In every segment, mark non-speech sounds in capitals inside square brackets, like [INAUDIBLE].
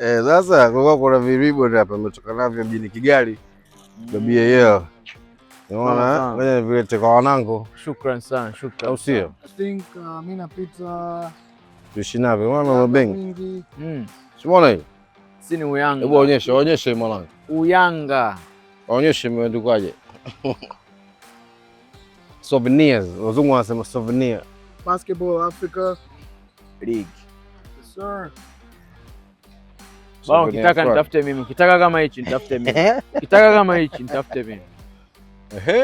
Eh, sasa kwa kuna viribo hapa umetoka navyo mjini Kigali. Mm. Babi yeye. Unaona? Wewe vile tuko wanangu. Shukrani sana, shukrani. Au sio? Think mimi napita tuishi navyo mwana wa bengi. Mm. Simona hiyo. Si ni Uyanga. Hebu onyesha, onyesha mwanangu. Uyanga. Onyesha imeandikwaje? [LAUGHS] Souvenirs. Wazungu wanasema souvenir. Basketball Africa League. Yes, sir. Bwana, ukitaka nitafute mimi, ukitaka kama hichi nitafute mimi, ukitaka kama hichi nitafute mimi. Ehe.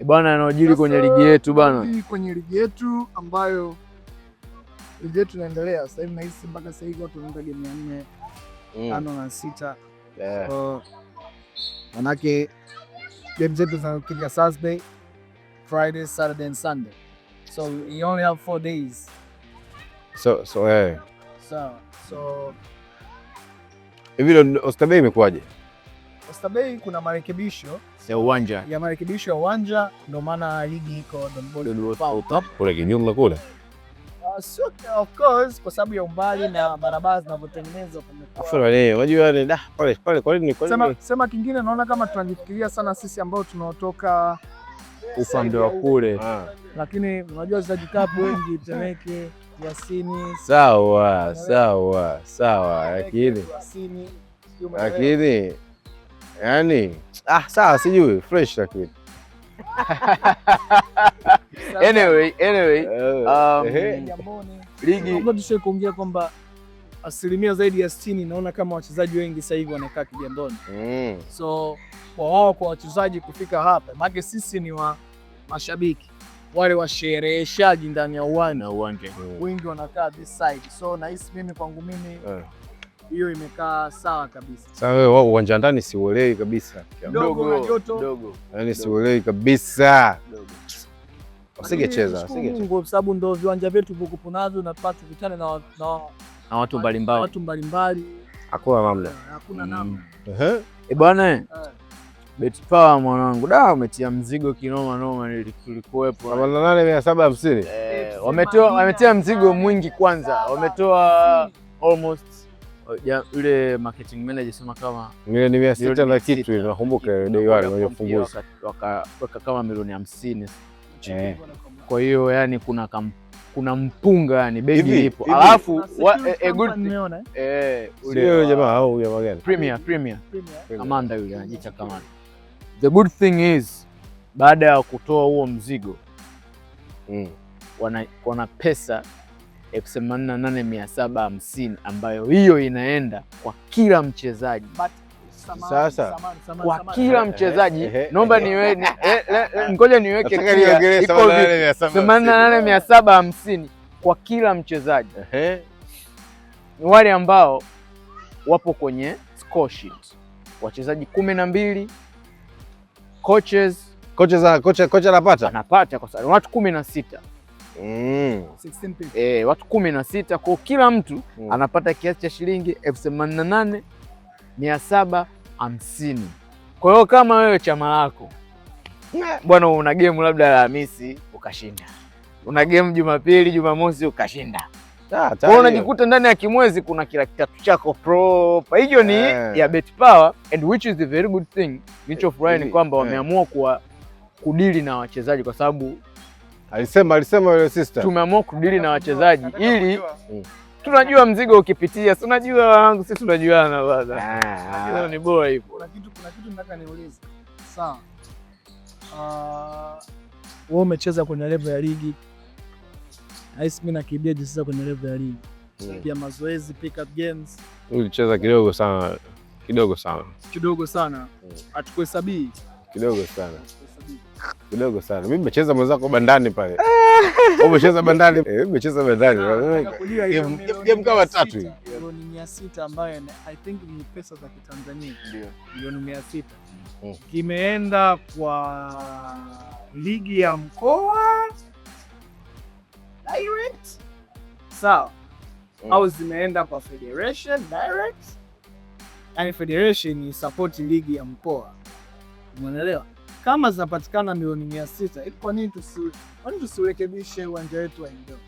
Eh, bwana, kwenye ligi yetu bwana, kwenye ligi yetu ambayo ligi yetu inaendelea sasa hivi, nahisi mpaka sasa hivi watu wanaenda game ya nne mm. tano na sita, manake game zetu zinakuja Thursday, Friday, Saturday and Sunday, so you only have four days so so hey. So, so hivi Oysterbay imekuwaje? Oysterbay kuna marekebisho ya uwanja ya marekebisho ya uwanja, ndio maana ligi iko kule kinyumla kule uh, kwa sababu ya umbali na barabara zinavyotengenezwa. Sema kingine, naona kama tunajifikiria sana sisi ambao tunaotoka upande wa kule, ah. lakini unajua wachezaji kapu wengi Temeke, Yasini. Sawa sawa sawa, lakini lakini yani ah, sawa sijui fresh lakini [LAUGHS] anyway anyway eh, um, ligi kuongea kwamba asilimia zaidi ya 60 naona kama wachezaji wengi sasa hivi wanakaa Kigamboni mm. So kwa wao kwa wachezaji kufika hapa, maana sisi ni wa mashabiki wale washereheshaji ndani ya uwanja uwanja mm. wengi wanakaa this side, so nahisi mimi kwangu mimi yeah hiyo imekaa sawa kabisa. Sasa wewe wao uwanja ndani siuelewi kabisa, Kidogo na joto, yaani siuelewi kabisa, wasingecheza, wasingecheza kwa sababu ndio viwanja vyetu vikupunazo na na na na watu mbalimbali, watu mbalimbali, hakuna namna, eh, hakuna mm. namna. Ehe, eh bwana eh. Beti Pawa mwanangu, da umetia mzigo kinoma noma, tulikuwepo na nane mia saba hamsini eh, wametia mzigo mwingi. Kwanza wametoa hmm. almost oh, yule marketing manager sema kama milioni mia sita na kitu, nakumbuka dai wale waliofunguza wakaweka kama milioni hamsini. Kwa hiyo yani kuna kampuni kuna mpunga yani begi ipo. alafu Amanda yule kama. The good thing is baada ya kutoa huo mzigo mm. wana, wana pesa elfu themanini na nane mia saba hamsini ambayo hiyo inaenda kwa kila mchezaji but sasa kwa kila mchezaji naomba niwe eh, ngoja niweke themanini na nane mia saba hamsini kwa kila mchezaji ni wale ambao wapo kwenye score sheet wachezaji kumi na mbili coaches kocha anapata anapata kwa sababu watu kumi na sita Mm. E, watu kumi na sita kwa kila mtu mm, anapata kiasi cha shilingi elfu themanini na nane mia saba hamsini. Kwa hiyo kama wewe chama lako bwana, una game labda Alhamisi ukashinda, una game Jumapili, Jumamosi ukashinda ah, kwa unajikuta ndani ya kimwezi kuna kila kitatu chako propa. Hiyo ni yeah, ya bet power and which is the very good thing. Nilichofurahi eh, ni kwamba eh. wameamua kuwa kudili na wachezaji kwa sababu alisema alisema yule sister, tumeamua kudili na wachezaji ili mm tunajua mzigo ukipitia, si unajua wangu sisi tunajuana bwana, bana, ah, ah. ni bora hivyo. Kuna kitu kuna kitu nataka niulize. Sawa, ah, wewe umecheza kwenye level ya ligi, nahisi mimi nakimbia sasa kwenye level ya ligi pia hmm. mazoezi pick up games. Ulicheza kidogo sana kidogo sana kidogo sana, hmm. atukuhesabii kidogo sana kidogo sana. Mimi nimecheza mwenzako bandani pale. Umecheza bandani? Eh, nimecheza bandani. Ah, game kama tatu hivi. Milioni mia sita ambayo I think ni pesa za Kitanzania. Ndio. Milioni mia sita. Mm. Kimeenda kwa ligi ya mkoa direct. Sawa. Mm. Au zimeenda kwa federation direct. Yaani federation ni support ligi ya mkoa. Umeelewa? kama zinapatikana milioni mia sita, kwa nini tusirekebishe uwanja wetu wa Indoor?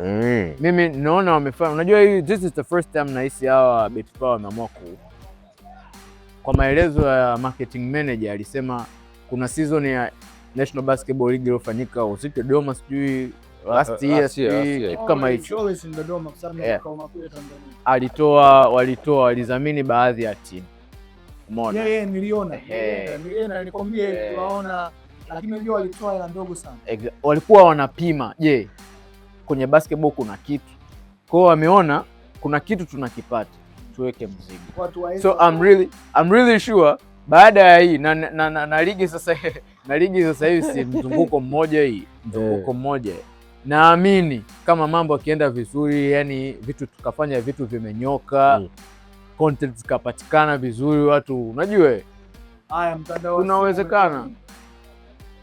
Mm. Mimi naona wamefanya, unajua hii, this is the first time nahisi hawa BetPawa wameamua ku, kwa maelezo ya marketing manager alisema kuna season ya National Basketball League iliyofanyika usiku Dodoma, sijui last year kitu kama oh, hicho, alitoa walitoa walizamini baadhi ya timu umeona? Yeah, yeah, niliona. Hey. Nilienda nilikwambia hey. Tunaona lakini unajua walitoa hela ndogo sana. Walikuwa wanapima, je, Kwenye basketball kuna kitu. Kwa hiyo wameona kuna kitu tunakipata. Tuweke mzigo. So I'm really I'm really sure baada ya hii na, na, na, na, na ligi sasa [LAUGHS] na ligi sasa hivi si mzunguko mmoja hii, mzunguko eh. mmoja. Naamini kama mambo akienda vizuri, yani vitu tukafanya vitu vimenyoka mm content zikapatikana vizuri, watu unajue, haya mtandao unawezekana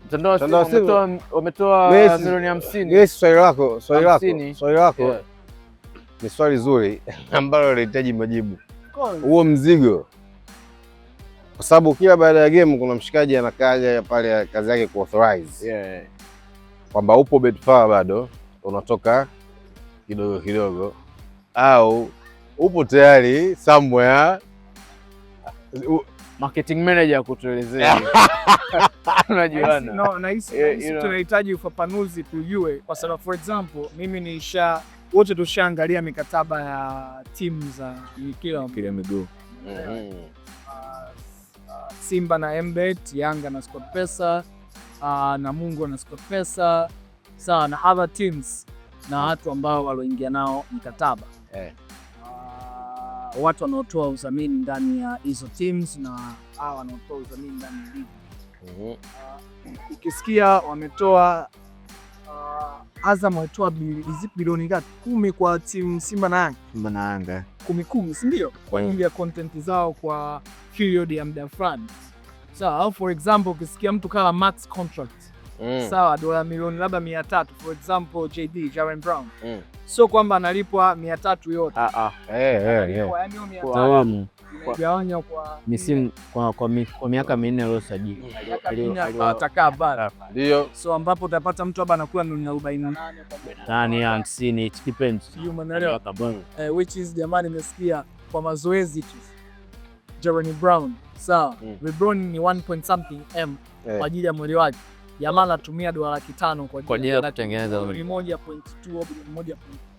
mtandao wametoa milioni hamsini. Yes, swali lako swali lako swali lako Ni swali zuri [LAUGHS] ambalo linahitaji majibu. Huo mzigo, kwa sababu kila baada ya game kuna mshikaji anakaja ya pale kazi yake ku authorize yeah. kwamba upo Betfair bado unatoka kidogo kidogo au upo tayari somewhere marketing manager kutuelezea. [LAUGHS] Unajuana. No, na hisi eh, tunahitaji ufafanuzi tujue, kwa sababu for example mimi nisha wote tushaangalia mikataba ya timu za kila kila miguu mm-hmm. uh, uh, Simba na Mbet, Yanga na SportPesa, uh, Mungu na SportPesa sawa na other teams na watu ambao waloingia nao mkataba eh. Uh, watu wanaotoa udhamini ndani ya hizo teams na hawa wanaotoa udhamini ndani ya ligi mm Ukisikia wametoa uh, Azam wametoa bilioni ngapi? Kumi kwa timu Simba na Yanga, Simba na Yanga kumi kumi, si ndio? Kwa ajili ya content zao kwa period ya muda fulani. so, for example ukisikia mtu kama max contract mm. sawa, dola milioni labda mia tatu for example JD Jaren Brown mm. sio kwamba analipwa mia tatu yote ah, ah. Hey, hey, yeah. Tawamu gawanya kwa misimu kwa, kwa, kwa miaka minne aliyosajili mm. atakaa bara ndio, so ambapo utapata mtu hapa anakuwa milioni arobaini tani hamsini, it depends, umeelewa? Eh, which is jamani, nimesikia kwa mazoezi tu Jaren Brown sawa, so, mm. LeBron ni 1 point something m eh. kwa ajili ya mwili wake jamaa anatumia dola laki tano kwa ajili ya kutengeneza moja point two moja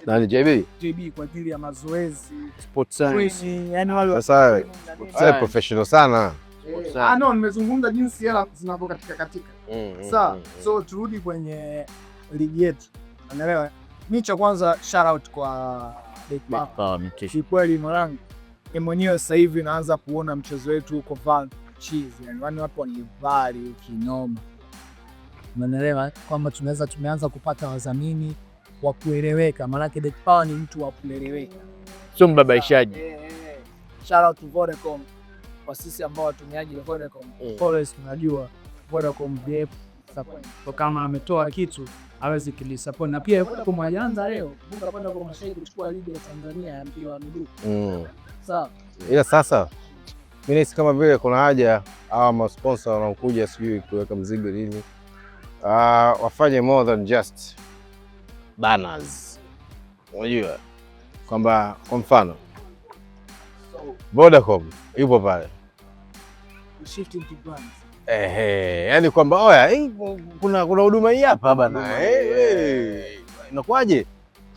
nani JB JB kwa ajili ya mazoezi sports science, yani wale sasa professional sana eh, ah, no, nimezungumza jinsi hela zinavyokatika katika. Mm, mm, mm, Sawa, so turudi kwenye ligi yetu, unaelewa. Mi cha kwanza shout out kwa kweli mwanangu mwenyewe sasa hivi naanza kuona mchezo wetu huko yani watu wanivali kinoma Unaelewa kwamba tunaweza tumeanza kupata wadhamini wa kueleweka, maanake Beti Power ni mtu wa kueleweka, sio mbabaishaji. Eh, eh, eh. Shout out to Vodacom kwa sisi ambao watumiaji wa Vodacom Forest, unajua Vodacom kwa kama ametoa kitu hawezi kilisapoti, na pia Vodacom hajaanza leo kwenda kwa mashahidi kuchukua ligi ya Tanzania ya mpira wa miguu mm. Sawa, ila sasa mimi nahisi kama vile kuna haja hawa masponsor wanaokuja sijui kuweka mzigo nini uh, wafanye more than just banners. Unajua kwamba kwa mfano Vodacom ipo pale eh, hey, yani kwamba oya kuna kuna huduma hii hapa bana hey, hey. Inakuwaje?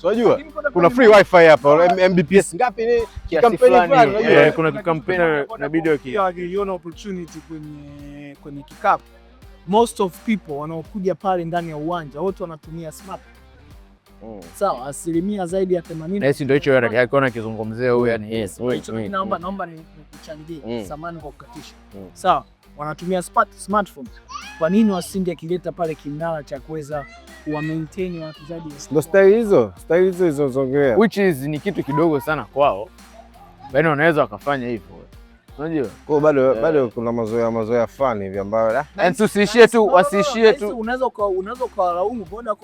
Unajua kuna free wifi hapa Mbps ngapi ni kampeni fulani, eh, kuna kampeni inabidi wakiona opportunity kwenye kwenye kikapu most of people wanaokuja pale ndani ya uwanja wote wanatumia smart mm. Sawa, asilimia zaidi ya 80. Yes, eh, ndio hicho akiona kizungumzia huyu yani, yes, naomba naomba nikuchangie, mm. samani kwa kukatisha. Mm. Sawa, wanatumia smart smartphones. Kwa nini wasindi akileta pale kinara cha kuweza kuwa maintain watu wachezaji? Ndio style hizo, style hizo hizo zongea, which is ni kitu kidogo sana kwao, yaani wanaweza wakafanya hivyo Unajua? Kwa bado eh. bado kuna mazoea mazoea fulani hivi ambayo yaani tusiishie tu wasiishie tu. Unaweza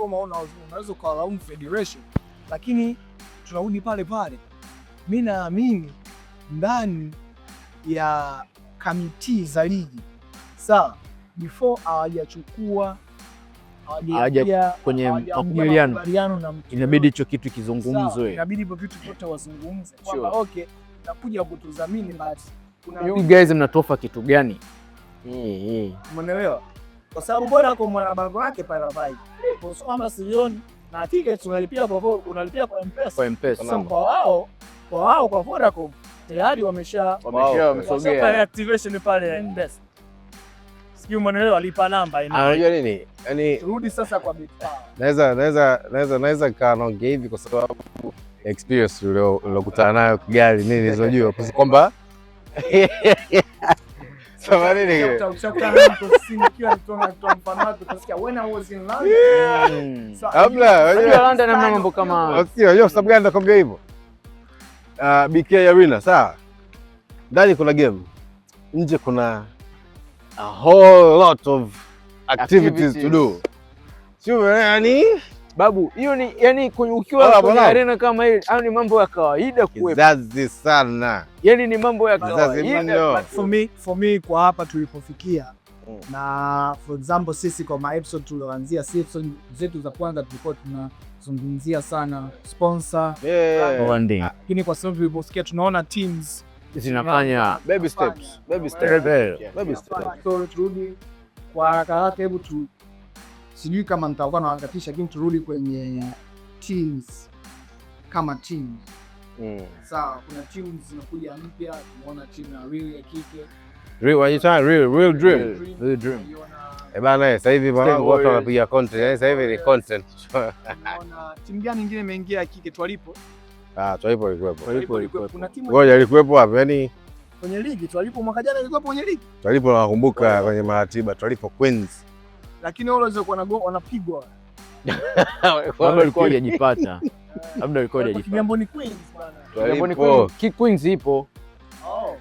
unaweza Federation. Lakini tunarudi pale pale. mi naamini ndani ya kamiti za ligi sawa, before hawajachukua hawajaja kwenye makubaliano, inabidi hicho kitu kizungumzwe, inabidi hivyo vitu vyote wazungumze kwamba okay, nakuja kutuzamini basi you guys mnatofa kitu gani? Eh, eh. Umeelewa? Kwa sababu bora kwa mwana bango wake pale vibe. Kwa sababu silioni na tickets unalipia kwa unalipia kwa M-Pesa. Kwa M-Pesa. Sasa kwa wao, kwa wao kwa Vodacom tayari wamesha wamesha wamesogea. Pale activation pale ya M-Pesa. Sikio umeelewa alipa namba ina. Anajua ah, nini? Yaani turudi sasa kwa big power. Naweza naweza naweza naweza kanaongea hivi kwa sababu experience uliyokutana nayo gari nini nilizojua kwamba kwa sababu gani nakwambia hivyo? Ah, BK Arena sawa, ndani kuna game, nje kuna a whole lot of activities, activities to do, babu, hiyo ni yani, kwenye ukiwa kwenye arena kama hii au ni mambo ya kawaida kuwepo. Kizazi sana yani, ni mambo ya kawaida yaani, for me, for me kwa hapa tulipofikia mm. na for example sisi kwa ma maepisode tulioanzia season zetu za kwanza tulikuwa tunazungumzia sana sponsor branding, lakini kwa sababu tuliposikia tunaona teams zinafanya baby steps, baby steps, baby steps, so turudi kwa haraka haraka, hebu tu sijui kama nitakuwa nawangatisha, lakini turudi kwenye teams kama team mm. Sawa, kuna team zinakuja mpya, tumeona ya Real ya kike sasa hivi watu wanapiga content, eh, sasa hivi ni content. timu gani nyingine imeingia kike Twalipo? Ah, Twalipo ilikuwepo. Ngoja ilikuwepo Yani kwenye ligi Twalipo mwaka jana kwenye ligi. Twalipo nakumbuka kwenye maratiba Twalipo Queens lakini wao kuwa wanapigwa [LAUGHS] walikuwa labda walikuwa Queens ipo. Oh.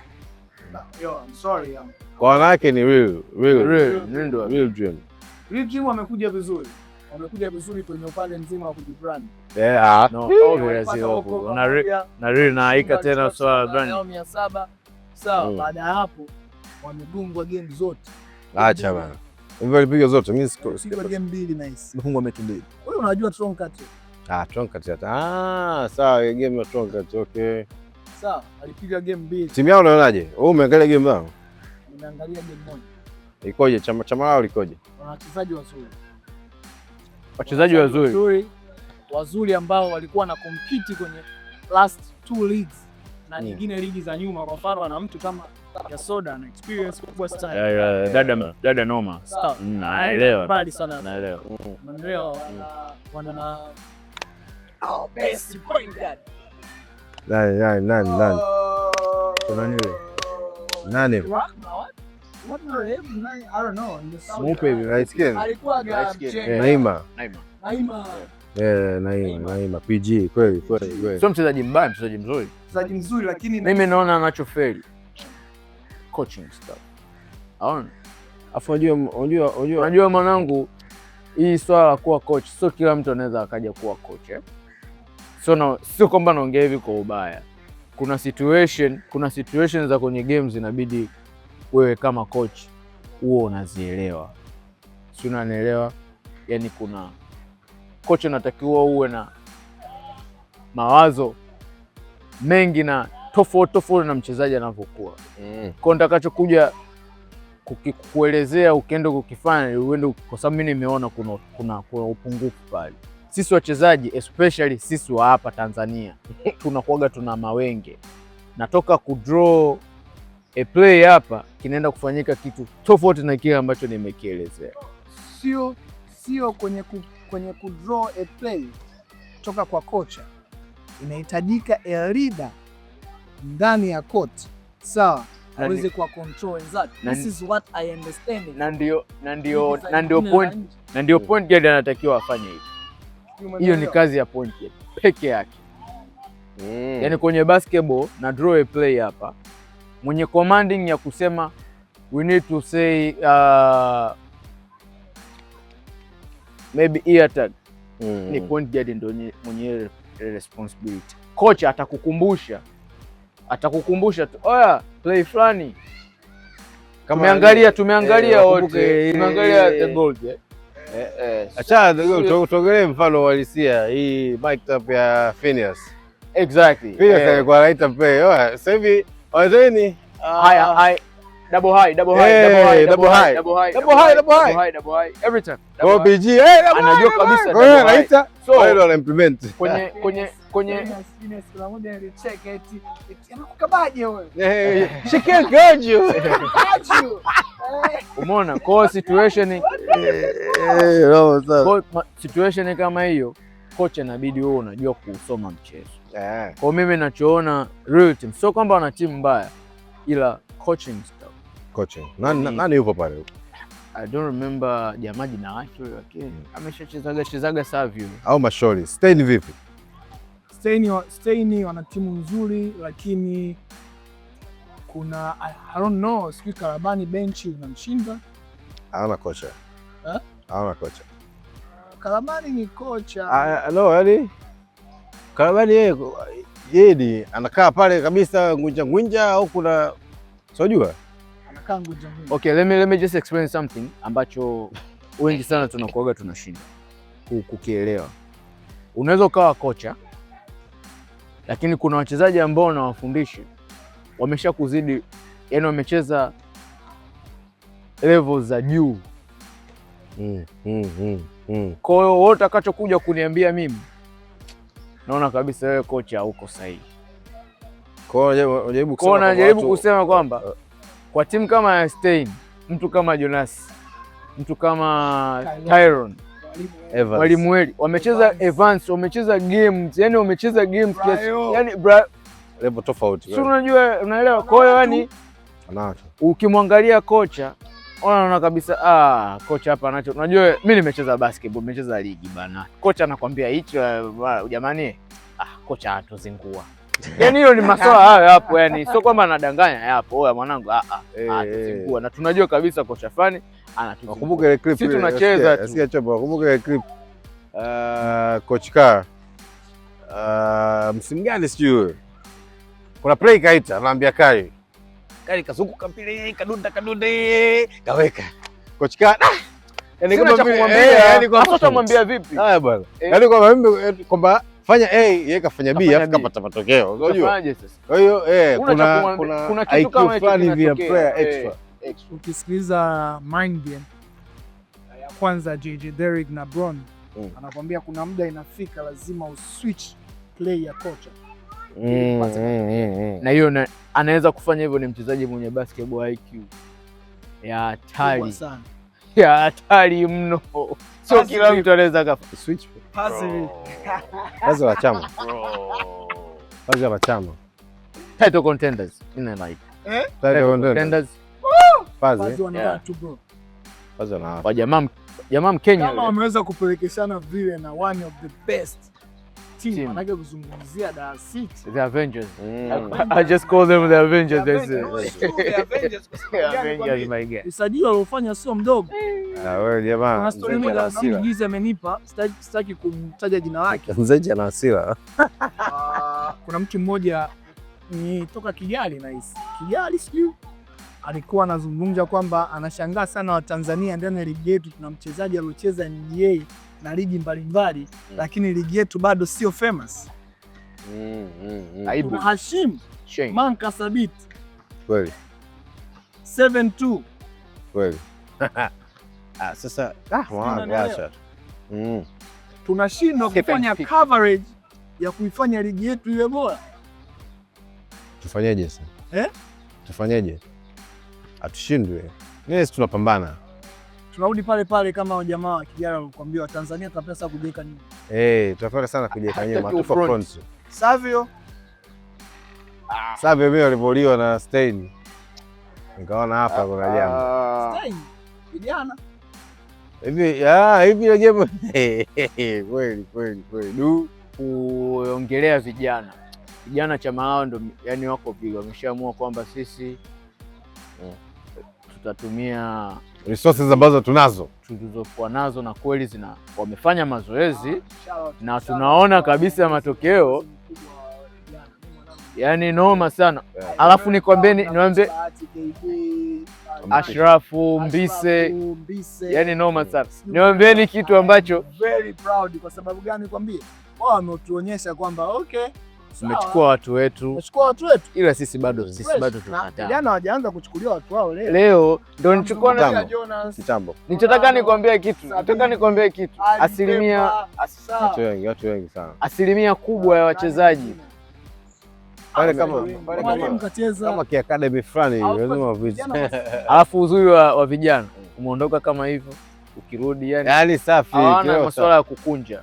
kwa wanawake ni Wamekuja vizuri, wamekuja vizuri kwenye upande mzima wa kujibrand. Yeah, no na tena swala brand sawa. Mm. Baada ya hapo wamegongwa game zote, acha bana Alipiga zote mbili. Wewe unajua trunk Ah, Ah, sawa, game ya Okay. Sawa, alipiga game mbili. Timu yao unaonaje? Wewe umeangalia game yao? Nimeangalia game moja. Ikoje? Chama chama lao likoje? Wachezaji wazuri. Wachezaji wazuri. Wazuri ambao walikuwa na compete kwenye last two leagues na nyingine yeah, ligi za nyuma, kwa mfano ana mtu kama ya soda na experience kubwa sana. yeah, yeah, yeah. Dada dada noma, naelewa mbali sana, naelewa naelewa, uh, wana na best point guard nani nani nani nani oh. nani nani Mupe, hivi light skin Naima Naima Naima Naima PG, kweli kweli, sio mchezaji mbaya, mchezaji mzuri mchezaji mzuri, lakini mimi naona anachofeli coaching staff. Aone afu unajua unajua unajua unajua mwanangu, hii swala la kuwa coach sio kila mtu anaweza akaja kuwa coach eh? Sio na sio kwamba naongea hivi kwa ubaya. Kuna situation kuna situation za kwenye games inabidi wewe kama coach huo unazielewa, si unanielewa? Yani kuna coach anatakiwa uwe na mawazo mengi na tofauti tofauti na mchezaji anavyokuwa mm. Kwa nitakachokuja kuelezea ukienda kukifanya uende, kwa sababu mimi nimeona kuna, kuna, kuna upungufu pale. Sisi wachezaji especially sisi wa hapa Tanzania [LAUGHS] tunakuwaga tuna mawenge, natoka kudraw a play hapa kinaenda kufanyika kitu tofauti na kile ambacho nimekielezea, sio sio kwenye, ku, kwenye kudraw a play toka kwa kocha inahitajika a leader ndani ya court sawa, aweze kuwa control wenzake. This is what I understand. Na ndio na ndio na ndio point na ndio point guard anatakiwa afanye hivi. Hiyo ni kazi ya point guard peke yake. Mm. Yani kwenye basketball na draw a play hapa mwenye commanding ya kusema we need to say uh, maybe ear tag mm. Ni point guard ndio mwenye responsibility. Kocha atakukumbusha atakukumbusha tu, oya play fulani tumeangalia tumeangalia wote eh, tumeangalia the goal eh, eh, tuongelee mfano walisia hii mic up ya Phineas. Exactly. Phineas alikuwa anaita play. Sasa hivi wazeni haya ah double high, double high, double high, double high, double high, double high, double high, double high every time. BG, eh, Kwa kwa eti wewe? [LAUGHS] She can't guard you. Guard you. [LAUGHS] Umeona? Kwa situation Kwa situation kama hiyo, kocha inabidi wewe unajua kusoma mchezo. Ah. Kwa mimi ninachoona real team sio kwamba wana timu mbaya ila coaching coaching. Nani yaani- yupo nani, nani pale? I don't remember jamaa jina lake lakini okay. Mm. Ameshachezaga chezaga savi au mashori. Stein vipi? Stein Stein wana timu nzuri lakini kuna I don't know, sijui Karabani benchi unamshinda. Haona kocha. Eh? Haona kocha. Karabani ni kocha. Ah, no, yani Karabani yeye yeye anakaa pale kabisa ngunja ngunja au kuna sijua jamani. Okay, let me, let me just explain something ambacho wengi sana tunakuaga tunashinda kukielewa. Unaweza ukawa kocha lakini kuna wachezaji ambao unawafundisha wamesha kuzidi, yani wamecheza level za juu mm, mm, mm, mm. Kwa hiyo wote utakachokuja kuniambia mimi, naona kabisa wewe kocha uko sahihi. Kwa hiyo unajaribu kusema kwamba uh, kwa timu kama ya Stein, mtu kama Jonas, mtu kama Tyron, mwalimu weli wamecheza Evans, wamecheza games, yani wamecheza games yani level tofauti, si unajua, unaelewa. Kwa hiyo yani ukimwangalia kocha unaona kabisa ah, kocha hapa anacho. Unajua mimi nimecheza basketball, nimecheza ligi bana, kocha anakwambia hicho ah, jamani, ah, kocha atuzingua [LAUGHS] Yaani hiyo ni masuala hayo hapo, yani sio kwamba anadanganya, yapo. Oya mwanangu, a ah, a ah, eh. atatusumbua na tunajua kabisa kocha Fani anatusumbua. Kumbuka ile clip, sisi tunacheza tu, sikia chombo. Kumbuka ile clip, ah, coach Ka msimu gani sijui, kuna play kaita, anaambia Kai. Kai kazunguka mpira, eh, kadunda kadunda, eh, kaweka Coach Ka yani yaani yaani yaani kwa mimi kwamba fanya A eh, yeye kafanya B alafu kapata matokeo. Unajua? Kwa hiyo eh, kuna kuna kitu kama fulani vya player eh, extra. Eh. Ukisikiliza Mind Game ya kwanza JJ Derrick na Bron mm. anakwambia kuna muda inafika lazima uswitch play ya kocha mm, mm, mm, mm. na hiyo anaweza kufanya hivyo. Ni mchezaji mwenye basketball IQ ya hatari ya hatari mno, sio kila mtu anaweza switch wazi wa chama. wazi wa chama. Title contenders in the night. Eh? Title contenders. Vazi wanavaa tu bro. Vazi wanavaa. Kwa jamaa jamaa Mkenya. Kama wameweza kupelekeshana vile na one of the best 16 manake kuzungumzia the Avengers mm. I just call them the Avengers usajili waliofanya sio mdogo ah, na story mimi amenipa sitaki kumtaja jina lake hasira ah, kuna mtu mmoja ni toka Kigali nahisi Kigali sijui alikuwa anazungumza kwamba anashangaa sana Watanzania ndani ya ligi yetu tuna mchezaji aliocheza NBA na ligi mbalimbali mm. lakini ligi yetu bado sio famous mm, mm, mm. Hashim Manka Sabit kweli 72 kweli [LAUGHS] ah, sasa ah, waacha mm. mm. tunashindwa kufanya coverage ya kuifanya ligi yetu iwe bora. Tufanyeje sasa eh? Tufanyeje? Hatushindwe, tunapambana tunarudi pale pale kama jamaa wa Kigara alikwambia Tanzania tunapenda sana kujiweka nyuma. Eh, tunapenda sana kujiweka nyuma tu front. Savio. Ah. Savio mimi alivoliwa na Stein. Nikaona hapa kuna ah. jambo. Stein. Kijana. Hivi ah, hivi ile jambo. [LAUGHS] Kweli kweli kweli. Du kuongelea vijana. Vijana chama lao ndio yani wako vipi wameshaamua kwamba sisi tutatumia resources ambazo tunazo tulizokuwa nazo, na kweli zina wamefanya mazoezi ah, na tunaona kabisa matokeo yani noma sana yeah. Alafu nikwambeni niwaambie Ashrafu Mbise, yani noma sana niwaambieni kitu ambacho very proud. Kwa sababu gani? Kwambie wao wametuonyesha kwamba okay Tumechukua watu wetu, watu wetu, ila sisi bado sisi bado tunakataa. Jana hawajaanza kuchukuliwa watu wao, leo leo ndio nichukua na Jonas kitambo. Nitataka nikwambie kitu, nataka nikwambie kitu, asilimia watu wengi, watu wengi sana, asilimia kubwa ya wachezaji yaani pale kama kama kiacademy fulani, [LAUGHS] alafu uzuri wa wa vijana umeondoka kama hivyo, ukirudi yani yani safi, hawana masuala ya kukunja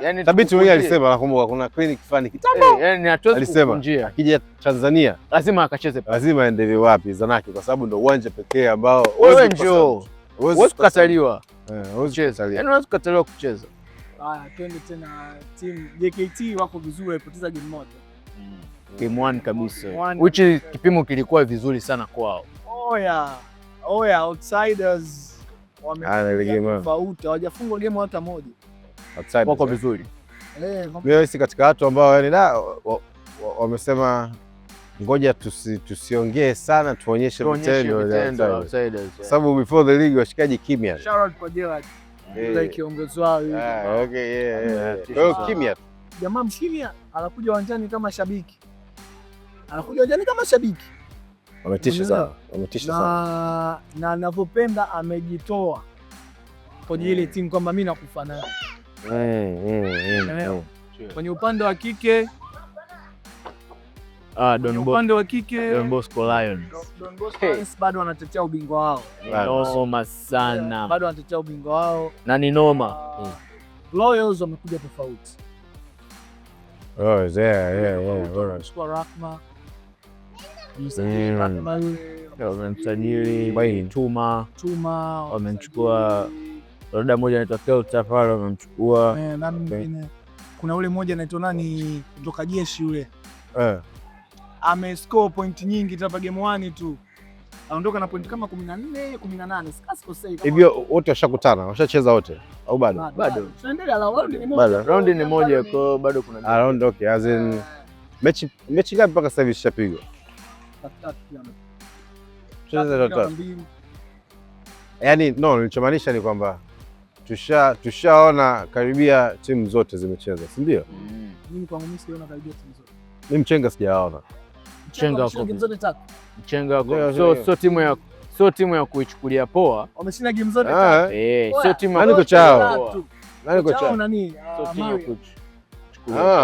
Yani Thabiti mwenyewe alisema nakumbuka kuna clinic fulani kitambo. Yani alisema akija Tanzania lazima akacheze. Lazima aende wapi Zanaki kwa sababu ndio uwanja pekee ambao wewe njoo. Wewe ukataliwa. Eh, wewe ukataliwa. Yani unaweza kukataliwa kucheza. Haya, twende tena team JKT wako vizuri walipoteza game moja. Game one kabisa. Which kipimo kilikuwa vizuri sana kwao. Oh yeah. Oh yeah, outsiders wamefauta, hawajafungwa game hata moja wako eh? vizuri. Eh, mimi si katika watu ambao yani wamesema ngoja tusi, tusiongee sana tuonyeshe vitendo kwa sababu before the league washikaji kimya. Shout kwa Gerald. Yule kiongozi wao yule. Ah, okay, yeah, yeah. kimya. Jamaa mkimya anakuja uwanjani kama shabiki. Anakuja uwanjani kama shabiki. Wametisha sana. Wametisha sana. Na anavyopenda amejitoa kwa ajili mm. timu kwamba mimi nakufanana Eh, eh, eh, kwenye upande wa kike Ah, Don Bosco. Upande wa kike Don Bosco Lions. Don Bosco Lions bado wanatetea ubingwa wao. Noma sana. Bado wanatetea ubingwa wao. Na ni noma. Royals wamekuja tofauti. Wamechukua Wamemchukua dada mmoja anaitwa Kelta pale wamemchukua e, eh, na mwingine kuna ule mmoja anaitwa nani kutoka jeshi yule e. Eh. Amescore point nyingi tapa game 1 tu anaondoka na point kama 14 18, sikosei kama hivyo. Wote washakutana washacheza wote au bado? Bado tunaendelea, round ni moja round ni moja kwa bado kuna ah, round okay, as in eh. mechi mechi ngapi mpaka sasa hivi zishapigwa? Tatu. Yaani no, nilichomaanisha ni kwamba tusha tushaona karibia timu zote zimecheza, si ndio? Mm. mchenga sijaona mchenga mchenga so so timu sio timu ya kuichukulia poa. Wameshinda game zote ah, tatu. Eh, sio timu nani kocha wao? Nani kocha wao? Nani? Sio ah, timu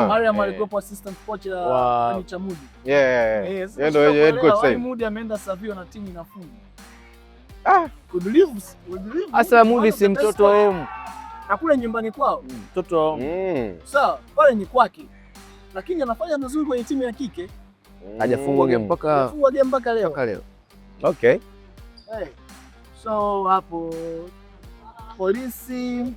Mariam ah. eh. alikuwa assistant coach Chamudi. Yeah, yeah, yeah. Eh, Yeye ndio head coach sasa. Chamudi ameenda Savio na timu inafunga. Ah, Asa Mudi si mtoto wao. Na kule nyumbani kwao mm, mtoto wao. Mm. Sawa, pale ni kwake. Lakini anafanya vizuri kwenye timu ya kike. Mm. Hajafungwa game mpaka hajafungwa game mpaka leo. Mpaka leo. Okay. Hey. So hapo polisi